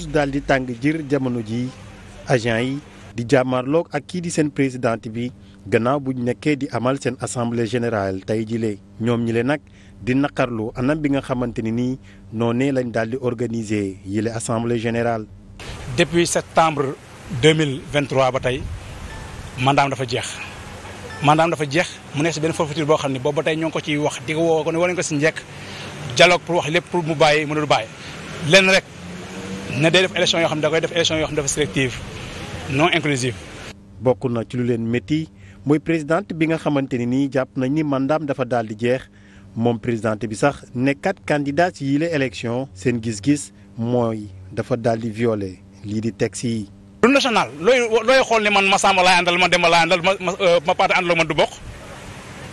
chose daal di tàng jër jamono ji agent yi di jàmmarloog ak kii di seen présidente bi gannaaw bu ñu nekkee di amal seen assemblée générale tey jilee ñoom ñi le nag di naqarlu anam bi nga xamante ni nii noonee lañ daal di organiser yile assemblée générale. depuis septembre 2023 ba tey mandaam dafa jeex mandaam dafa jeex mu nekk si benn forfaiture boo xam ne boobu ba tey ñoo ko ciy wax di ko woo ko ne si njëkk dialogue pour wax lépp pour mu bàyyi mënul bàyyi lenn rek ne day def élection yoo xam ne da koy def élection yoo dafa sélective non inclusive. bokk na ci lu leen métti mooy présidente bi nga xamante ni nii jàpp nañ ni mandaam dafa daal di jeex moom présidente bi sax nekkat candidat yi la élection seen gis-gis mooy dafa daal di violer lii di texte yi. lu national looy xool ni man ma Samba laay àndal ma dem laay àndal ma ma euh, ma Paate àndal man du bokk.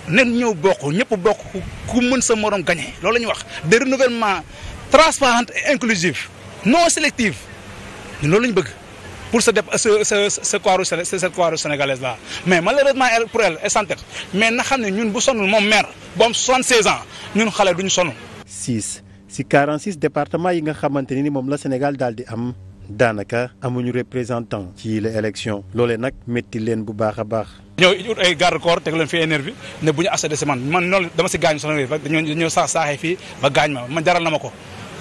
nen ñëw bokk ñëpp bokk ku mën sa moroom gagné loolu la ñuy wax de renouvellement transparent et inclusif. non sélective ñun loolu lañ bëgg pour sa def sa sa sa Croix-Rouge sa croix sénégalaise là mais malheureusement elle pour elle est mais na xam ne ñun bu sonnul moom maire bu am 76 ans ñun xale ñu sonn. 6 si 46 départements yi nga xamante ni moom la Sénégal daal di am. daanaka amuñu représentant ci la élection loolee nag métti leen bu baax a baax. ñëw ut ay garde corps teg leen fi énerve ne bu ñu accédé man man noonu dama si gaañ soxna bi dañoo dañoo saax saaxee fii ba gaañ ma man jaral na ko.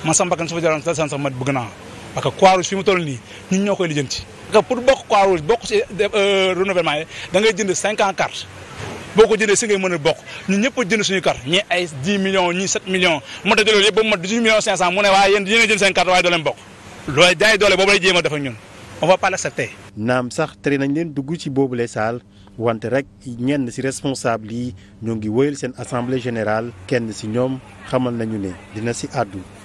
man sama bakkan su fa jaroon dal seen sax ma bëgg naa parce que fi mu toll nii ñun ñoo koy lijjanti. parce que pour bokk Croix Rouge bokk si euh, renouvellement yi da ngay jënd 50 cartes boo ko jëndee si ngay mën a bokk ñun ñëpp a jënd suñu carte ñii ay 10 millions ñii 7 millions moo tax jëloon yëpp ba mu mat 18 millions 500 mu ne waaye a a def ak ñun on va pas l'accepter. naam sax tere nañ leen dugg ci boobu boobule saal wante rek ñenn ci responsable yi ñoo ngi wëyal seen assemblée générale kenn ci ñoom xamal nañu ne dina ci àddu.